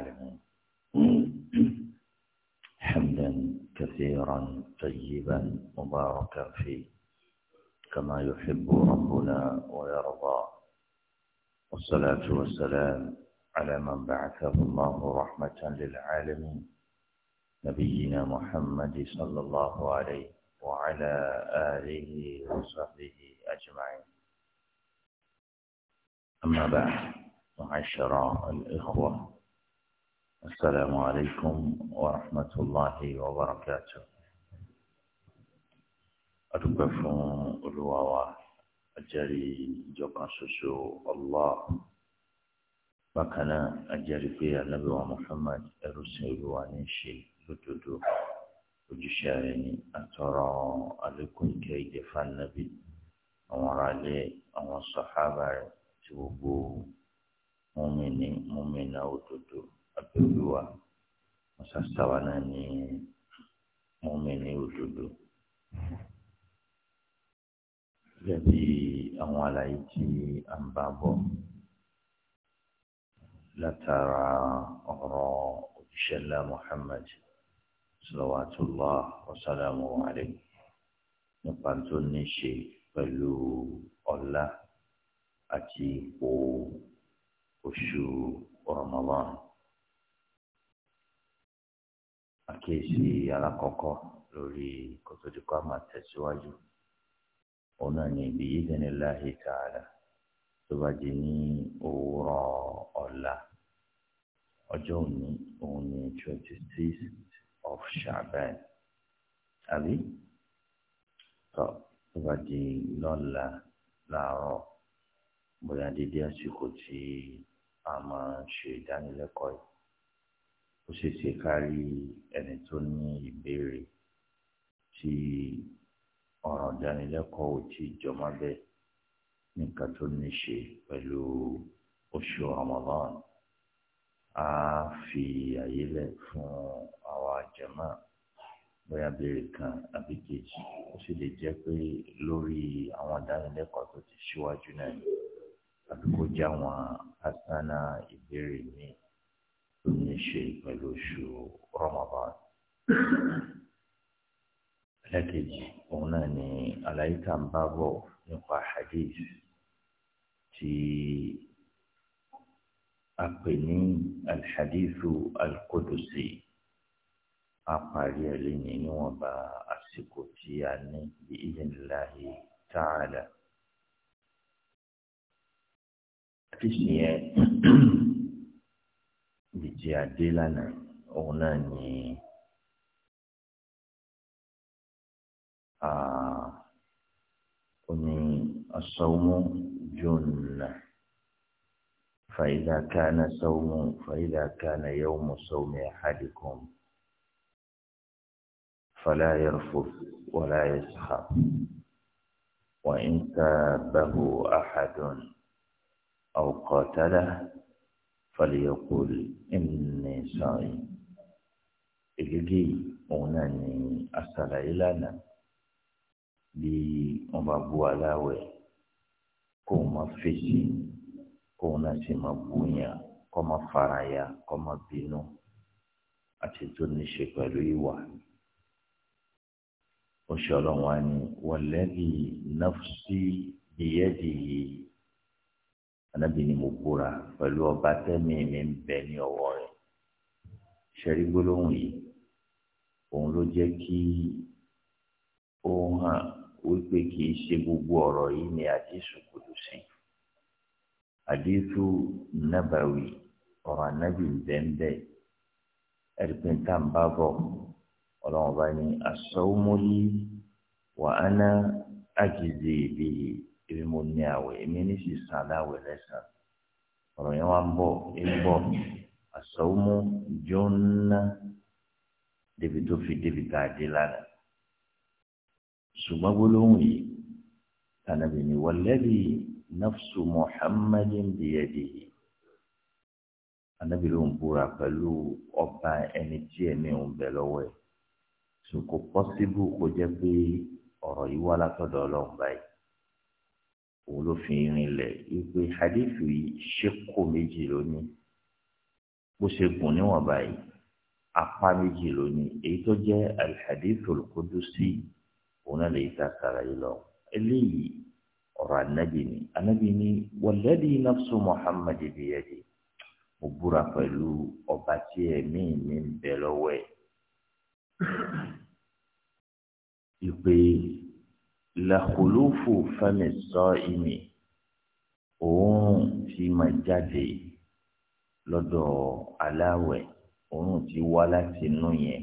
العالمين حمدا كثيرا طيبا مباركا فيه كما يحب ربنا ويرضى والصلاة والسلام على من بعثه الله رحمة للعالمين نبينا محمد صلى الله عليه وعلى آله وصحبه أجمعين أما بعد معاشر الإخوة السلام عليكم ورحمة الله وبركاته أتكفون الواوى أجري جوكا سوسو الله بكنا أجري في النبي محمد الرسول وانشي لتدو ojúṣàrẹ́ni àtọ̀rọ̀ àlékún ìkẹ́ ìjẹ́ fanabi àwọn aráalé àwọn sàhábà rẹ̀ tí gbogbo mọ́mìnì àtòlùwà mọ̀sásáwá náà ní mọ́mí ní òdodo. Gẹ́gẹ́ bí àwọn àlàyé tí a ń bá bọ̀ látara ọ̀rọ̀ òjíṣẹ́ ńlá Muhammad salawatullah wa salamu alayhi nípa tó ní ṣe pẹ̀lú ọlá àti ipò oṣù Ramadan. àkíyèsí alákọ̀ọ́kọ́ lórí kòtòdìkọ́ àmà tẹ̀síwájú òun náà ní ibi yìí dẹ́ni láàyè tààlà tó bá di ní òwúrọ̀ ọ̀la ọjọ́ òní òun ní twenty six of Shaban àbí tó tó bá di lọ́la láàárọ̀ bóyá dídí àsìkò tí a máa ṣe ìdánilẹ́kọ̀ọ́ yìí ó ṣe ṣe kárí ẹni tó ní ìbéèrè tí ọ̀ràn ìdánilẹ́kọ̀ọ́ ò tí ì jọmọ́ bẹ́ẹ̀ nǹkan tó ní ṣe pẹ̀lú oṣù Ramadan a fi àyè lẹ̀ fún àwa jàmá bóyá béèrè kan àbí kejì ó sì lè jẹ́ pé lórí àwọn ìdánilẹ́kọ̀ọ́ tó ti ṣíwájú náà àbí kó jẹ́ àwọn asánà ìbéèrè míì ní ṣe pẹ̀lú oṣù Ramadan ẹlẹ́kejì òun náà ni àlàyé tá ń bá bọ̀ nípa hadith tí a pè ní alhadithu alqudusi a parí ẹ̀ lẹ́yìn àsìkò tí a ní bí idhnillahi ta'ala. Hadith ìdíje adé lánàá òun náà ni òní asọ́wọ́mú jùnà فإذا كان صوم فإذا كان يوم صوم أحدكم فلا يرفث ولا يسخر وإن سابه أحد أو قاتله فليقول إني صائم ègégé yìí òun náà ni àṣàlàyé lánàá bí wọn bá bu aláwẹ̀ kó o máa fèsì kó o náà sì máa búyàn kó o máa faraya kó máa bínú àti tó ní ṣe pẹ̀lú ìwà oṣù ọlọ́run wa ni wọ̀lẹ́bí nafsi biyadihi anábì ni mo búra pẹ̀lú ọba tẹ́mi mi ń bẹ ní ọwọ́ rẹ̀ ṣẹ́rí gbólóhùn yìí òun ló jẹ́ kí ó hàn wípé kì í ṣe gbogbo ọ̀rọ̀ yìí ni àdísù kùdù sí àdísù nàbàwì ọ̀rọ̀ anábì ń bẹ ń bẹ ẹ̀rí pé tá à bá bọ̀ ọlọ́run bá ní asọ́wọ́mọ́lì wà á ná èmi mo ní àwẹ̀ èmi ní sì san aláwẹ̀ lẹ́sàn ọ̀rọ̀ yẹn wá ń bọ̀ ń bọ̀ àsọ̀wọ́mú jóná débi tó fi débi tá dé lánàá ṣùgbọ́n gbólóhùn yìí tànàbí ni wọlẹ́bí nafsu muhammadin biyadihi anabi ló ń búra pẹ̀lú ọba ẹni tí ẹ̀mí ń bẹ lọ́wọ́ ẹ̀ ṣùkò pọ́síbù kó jẹ́ pé ọ̀rọ̀ yìí wá látọ̀dọ̀ ọlọ́run báyìí òun ló fi rinlẹ̀ wípé hadithu yìí ṣekú méjì lónìí bó ṣe gùn níwọ̀n báyìí apá méjì lónìí èyí tó jẹ́ alhadithu lukudusi òun náà lè ta sàlàyé lọ eléyìí ọ̀rọ̀ anabi ni anabi ni wàlẹ́dì nafsu muhammad biyadi mo búra pẹ̀lú ọba tí ẹ̀mí mi bẹ lọ́wọ́ ẹ̀ ìpè làkúlùfù fẹ́mi sọ ìmì òórùn tí máa jáde lọ́dọ̀ aláwẹ̀ òórùn tí wá láti inú yẹn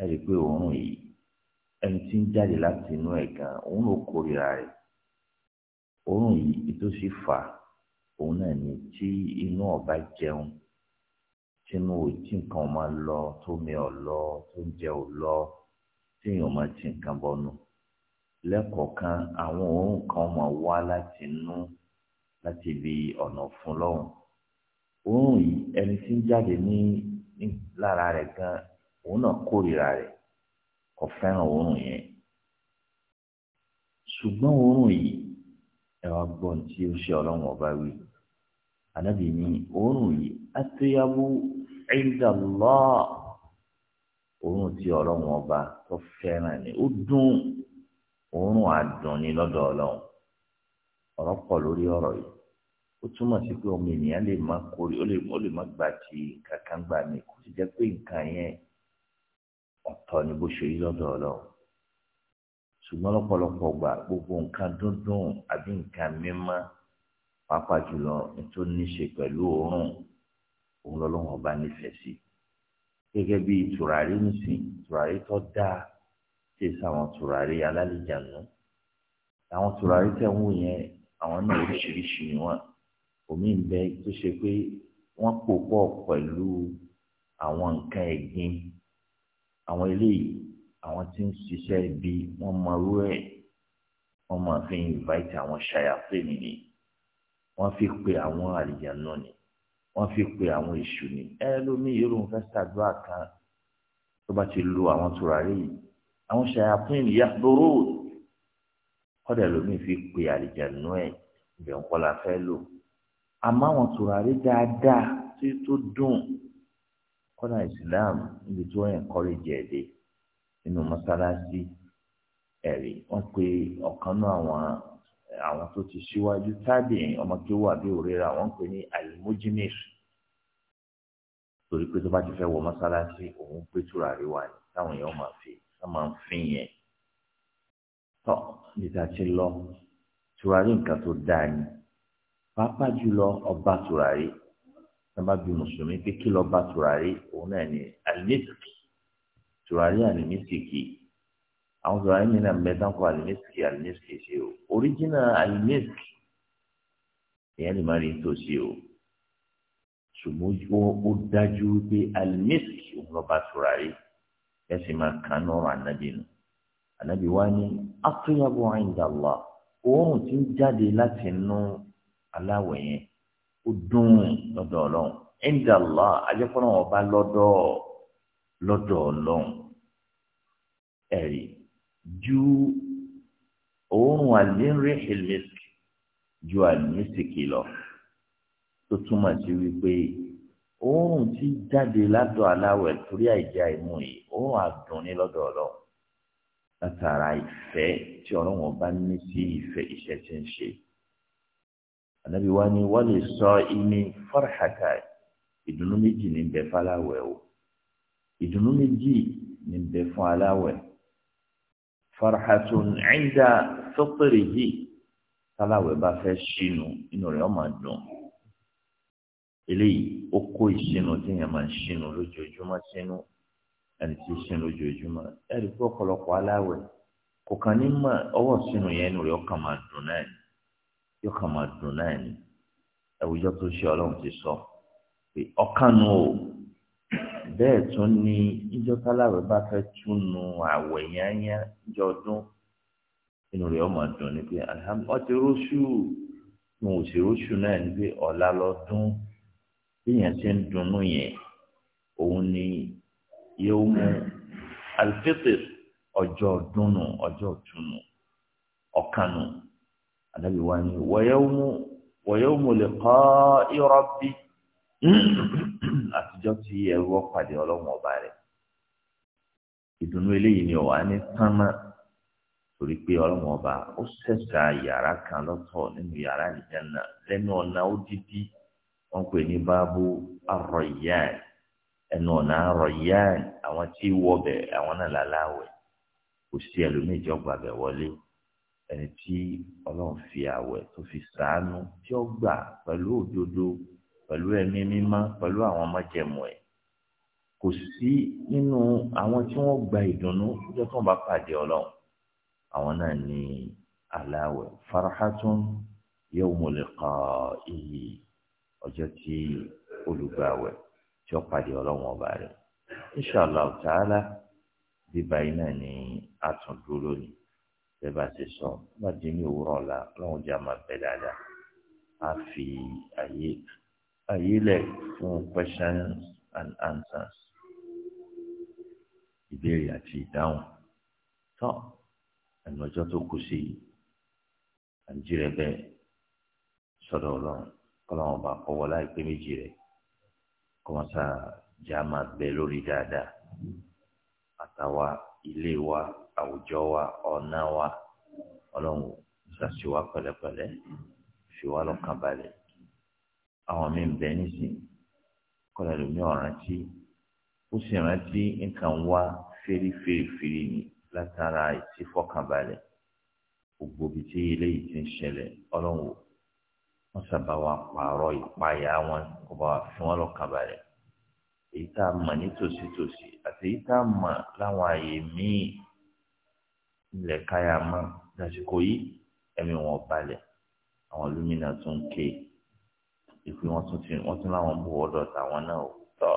ẹ rí i pé òórùn yìí ẹni tí ń jáde láti inú ẹ̀ gan òórùn ò kórìíra rẹ̀ òórùn yìí tó fà òun náà ni tí inú ọba jẹun tínú tí nǹkan máa lọ tó mi ọ̀ lọ tó ń jẹ ò lọ tí èèyàn máa ti nǹkan bọnu lẹ́kọ̀ọ̀kan àwọn òórùn kan máa wá láti inú láti ibi ọ̀nà ọ̀fun lọ́hùn òórùn yìí ẹni tí ń jáde ní lára rẹ̀ gan òun náà kórìíra rẹ̀ kò fẹ́ràn òórùn yẹn ṣùgbọ́n òórùn yìí ẹ wá gbọ́ tí ó ṣe ọlọ́run ọba wí ànábì ní òórùn yìí atúyàwó ẹ̀dàlọ́ òórùn tí ọlọ́run ọba tó fẹ́ràn ni ó dùn òórùn àdùnni lọ́dọ̀ ọlọ́run ọ̀rọ̀ pọ̀ lórí ọ̀rọ̀ yìí ó túmọ̀ sí pé ọmọ ènìyàn lè má kórè ó lè ó lè má gbà tí kankan gbà mí kó sì jẹ́ pé nǹkan yẹn ọ̀tọ̀ ni bó ṣe rí lọ́dọ̀ ọlọ́run ṣùgbọ́n lọ́pọ̀lọpọ̀ gbà gbogbo nǹkan dúndùn àbí nǹkan mímọ́ pàápàá jùlọ tó ní ṣe pẹ̀lú òórùn òun lọ́lọ́run ọba nífẹ̀ẹ́ sí gẹ́gẹ́ bí tùràrí nìsín tùràrí tó dáa tí èsì àwọn tùràrí alálìjànú àwọn tùràrí tẹ̀ ń wò yẹn àwọn náà oríṣiríṣi ni wọn omi ń bẹ tó ṣe pé wọ́n pò pọ̀ pẹ̀lú àwọn nǹkan ẹ̀gbin àwọn eléyìí àwọn tí ń ṣiṣẹ́ ibi wọ́n mọ irú ẹ̀ wọ́n máa fi invite àwọn ṣayàpé nìyí wọ́n fi pe àwọn àlìjànú ni wọ́n fi pe àwọn èṣù ni ẹ lómi yìí ló ń fẹ́ ṣàdúrà kan tó bá ti lo àwọn tùràrí yìí àwọn ṣàyàpín ìyàgbọ́rò kọ́dà lómi fi pè àlìjànú ẹ̀ ibẹ̀ ń kọ́la fẹ́ lò àmọ́ àwọn tùràrí dáadáa tí tó dùn kọ́dà ìsìláàmù níbi tí wọ́n ẹ̀ńkọ́rẹ́jì ẹ̀dẹ́ nínú mọ́sálásí ẹ̀rí wọ́n pe ọ̀kan náà àwọn àwọn tó ti ṣíwájú tábìlì ọmọ tó wà bí òrera wọ́n pe ní alimojinis torí pé tó bá ti fẹ́ wọ mọ́sálásí òun pé tùràrí wà ní táwọn èèyàn máa fi wọ́n máa ń fín yẹn tọ́ níta ti lọ tùràrí nǹkan tó dáa ni pàápàá jùlọ ọba tùràrí sábà bí mùsùlùmí pé kí lọ bá òun náà ni alimẹsìkì tùràrí alimẹsìkì àwọn tùràrí mi náà mẹ́ta ń kọ alimẹsìkì alimẹsìkì sí o oríjìnà alimẹsìkì èèyàn lè má rí nítòsí o ṣùgbọ́n ó dájú pé alimẹsìkì òun lọ bá kẹsì máa kàn ní ọ̀rọ̀ ànábì nù ànábì wa ní atúnyàbọ inda Allah òórùn tí ń jáde láti inú aláwọ yẹn ó dùn lọ́dọ̀ Ọlọ́run inda Allah ajẹfọlọ wọn bá lọ́dọ̀ lọ́dọ̀ Ọlọ́run ẹrí ju òórùn àlérè hìlmẹsì ju àlùmísìkì lọ tó túmọ̀ sí wípé òórùn tí jáde látọ̀ aláwẹ̀ torí àìjá yìí ó wà dùn ní lọ́dọ̀ ọ̀lọ́ látara ìfẹ́ tí ọlọ́run bá ní sí ìfẹ́ iṣẹ́ tí ń ṣe ànábi wa ni wọ́n lè sọ ìní fọ́rọ̀hàkà ìdùnnú méjì ní bẹ fáláwẹ̀ o ìdùnnú méjì ní bẹ fún aláwẹ̀ fọ́rọ̀hàtún ẹ̀ńdà sọ́pẹ̀rẹ̀ yìí fáláwẹ̀ bá fẹ́ ṣínú inú rẹ̀ ọmọ dùn eléyìí ó kó ìṣínú tí èèyàn máa ń ṣínú lójoojúmọ́ sínú ẹni tí ń sin lójoojúmọ́ ẹni alaawọ ọ̀pọ̀lọpọ̀ aláwẹ̀ kò kàn ní mọ̀ ọwọ́ sínú yẹn nù rẹ̀ máa dùn náà ni máa dùn náà ṣe ti sọ pé ọkàn o bẹ́ẹ̀ tún ni ìjọ fẹ́ yányá ìjọ ọdún inú ọmọ dùn ni pé alhamdulilayi mo ò náà ni yawmu alfitr ọjọ́ ọjọọ ọjọ́ ọjọọ ọ̀kanu anabi wa ni wa yawmu wa yawmu liqa'i rabbi ìdùnnú eléyìí ni ọ̀wá ní tánmá torí pé ọlọ́run ó yàrá kan nínú yàrá ọ̀nà ó dídí pè ní ẹnu ọ̀nà rọ̀yàn àwọn tí wọ bẹ̀ àwọn náà láláwẹ̀ kò sí ẹlòmíì tí ó gbà bẹ̀ wọlé ẹni tí ọlọ́run fi àwẹ̀ tó fi sàánú tí ó gbà pẹ̀lú òdodo pẹ̀lú ẹ̀mí mímọ́ pẹ̀lú àwọn májẹ̀mú ẹ̀ kò sí nínú àwọn tí wọ́n gba ìdùnnú lọ́jọ́ tó ń bá pàdé ọlọ́run àwọn náà ní aláwẹ̀ farahatun yawmu liqa'ihi ọjọ́ tí olùgbàwẹ̀ tí ó pàdé ọlọ́run ọba rẹ̀ inṣàlá ọ̀tàálá bíbá iná ni a tún dúró lónìí bẹ́ẹ̀ bá ti sọ bá di ní òwúrọ̀ ọ̀la ọlọ́run jẹ́ àmà bẹ́ẹ̀ dáadáa a fi àyè àyè lẹ̀ fún questions and answers ìbéèrè àti ìdáhùn tán ẹnu ọjọ́ tó kù sí àǹjírẹ́ bẹ́ẹ̀ sọ́dọ̀ ọlọ́run kọ́lọ́run bá kọ́wọ́ láìpẹ́ méjì rẹ̀ kọ́mọ́sá já máa bẹ lórí dáadáa àtàwa ilé wa àwùjọ wa ọ̀nà wa ọlọ́run ṣàṣìwá pẹ̀lẹ́pẹ̀lẹ́ fi wá lọ́kàn balẹ̀ àwọn mi ń bẹ nísìn kọ́lá lómi ọ̀rántí ó sì rántí nǹkan wá fẹ́rífẹ́rífẹ́rí ni látara ìtìfọ́kànbalẹ̀ gbogbo ibi tí eléyìí ti ń ṣẹlẹ̀ ọlọ́run wọ́n sábà wà pààrọ̀ ìpayà wọn kó bá wà fún wọn lọ́kàn balẹ̀ èyí tá a mọ̀ ní tòsítòsí àti èyí tá a mọ̀ láwọn àyè míì ilẹ̀ káyà mọ́ lásìkò yìí ẹ̀mí wọn balẹ̀ àwọn lómìnà tún ké ìpè wọn tún ti wọn tún láwọn bò wọ́dọ̀ táwọn náà tọ̀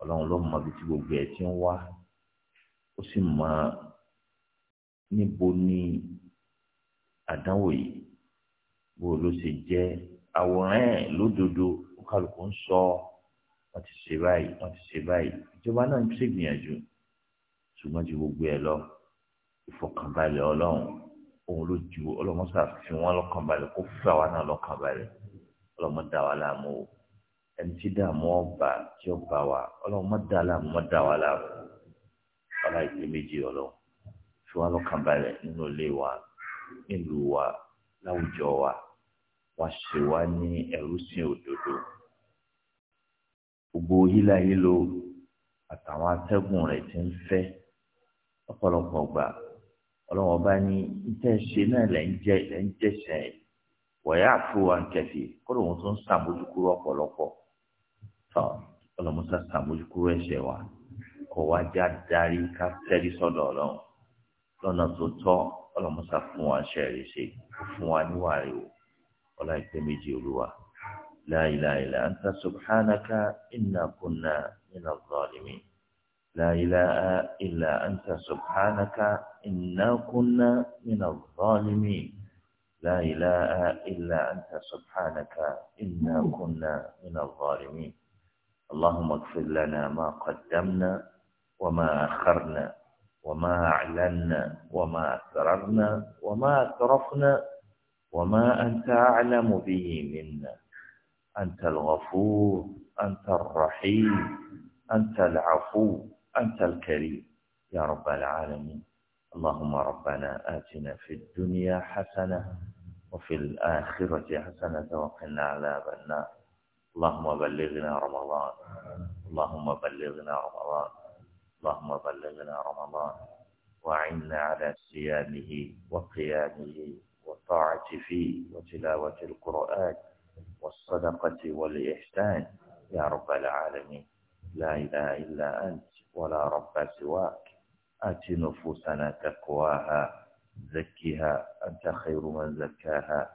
ọlọ́run ló mọ ibi tí gbogbo ẹ̀ ti ń wá ó sì mọ níbo ni àdánwò yìí bó ló ṣe jẹ́ àwòrán ẹ̀ lódodo ó kálukú ń sọ wọ́n ti ṣe báyìí wọ́n ti ṣe báyìí ìjọba náà ń ṣègbìyànjú ṣùgbọ́n ju gbogbo ẹ̀ lọ ìfọkànbalẹ̀ ọlọ́run òun ló ju ọlọ́mọṣà fi wọ́n lọ́kànbalẹ̀ kó fún àwa náà lọ́kànbalẹ̀ ọlọ́mọ dá wa láàmú o ẹni tí dààmú ọba tí ó bá wa ọlọ́mọ dá láàmú mọ́ dá wa láàmú ọlá ìpè méjì ọlọ́run fi wọ́n lọ́kànbalẹ̀ nínú ilé wa nílùú wa láwùjọ wa wá ṣe wá ní ẹrú sí òdodo gbogbo hílàhílo àtàwọn atẹ́gùn rẹ̀ ti ń fẹ́ ọ̀pọ̀lọpọ̀ gbà ọlọ́wọ́n ọba ní iṣẹ́ ṣe náà lẹ́ ń jẹ́ lẹ́ ń wa wọ̀yá àfúwà nkẹfì kọ́dọ̀ wọn tún ṣàmójúkúrò ọ̀pọ̀lọpọ̀ ọlọ́mọṣà ṣàmójúkúrò ẹ̀ṣẹ̀ wa kọ̀ wá já darí ká tẹ́rí sọ́dọ̀ ọlọ́run lọ́nà tó tọ́ ọlọ́mọṣà fún wa ṣẹ̀rẹ̀ ṣe fún wa níwàrí o. ولا يتميجي ولوا لا إله إلا أنت سبحانك إنا كنا من الظالمين لا إله إلا أنت سبحانك إنا كنا من الظالمين لا إله إلا أنت سبحانك إنا كنا من الظالمين اللهم اغفر لنا ما قدمنا وما أخرنا وما أعلنا وما أسررنا وما أسرفنا وما أنت أعلم به منا أنت الغفور أنت الرحيم أنت العفو أنت الكريم يا رب العالمين اللهم ربنا آتنا في الدنيا حسنة وفي الآخرة حسنة وقنا عذاب النار اللهم بلغنا رمضان اللهم بلغنا رمضان اللهم بلغنا رمضان وعنا على صيامه وقيامه الطاعة فيه وتلاوة القرآن والصدقة والإحسان يا رب العالمين لا إله إلا أنت ولا رب سواك آت نفوسنا تقواها زكها أنت خير من زكاها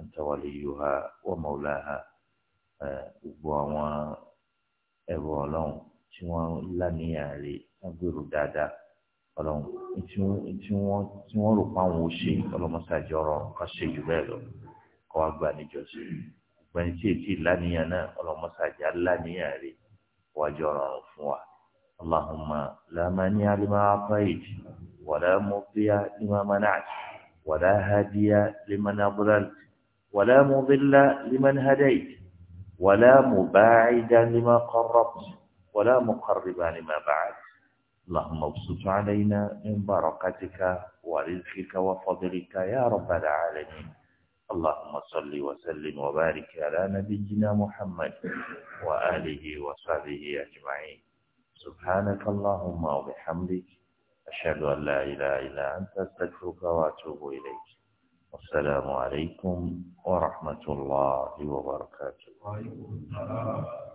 أنت وليها ومولاها وأنا أبو الله شوان لن يعلي أبو دادا ọlọ́run tí wọ́n tí wọ́n rò páwọn ò ṣe ọlọ́mọṣáájú ọ̀rọ̀ kan ṣe jù bẹ́ẹ̀ lọ kọ́ wá gba níjọsìn gbẹ̀ni tí ètí lánìyàn náà ọlọ́mọṣáájú lánìyàn rẹ̀ wájú ọ̀rọ̀ fún wa. اللهم لا مانع لما أعطيت ولا مطيع لما منعت ولا هادي لمن أضللت ولا مضل لمن هديت ولا مباعدا لما قربت ولا مقربا لما بعدت اللهم ابسط علينا من بركتك ورزقك وفضلك يا رب العالمين اللهم صل وسلم وبارك على نبينا محمد وآله وصحبه أجمعين سبحانك اللهم وبحمدك أشهد أن لا إله إلا أنت أستغفرك وأتوب إليك والسلام عليكم ورحمة الله وبركاته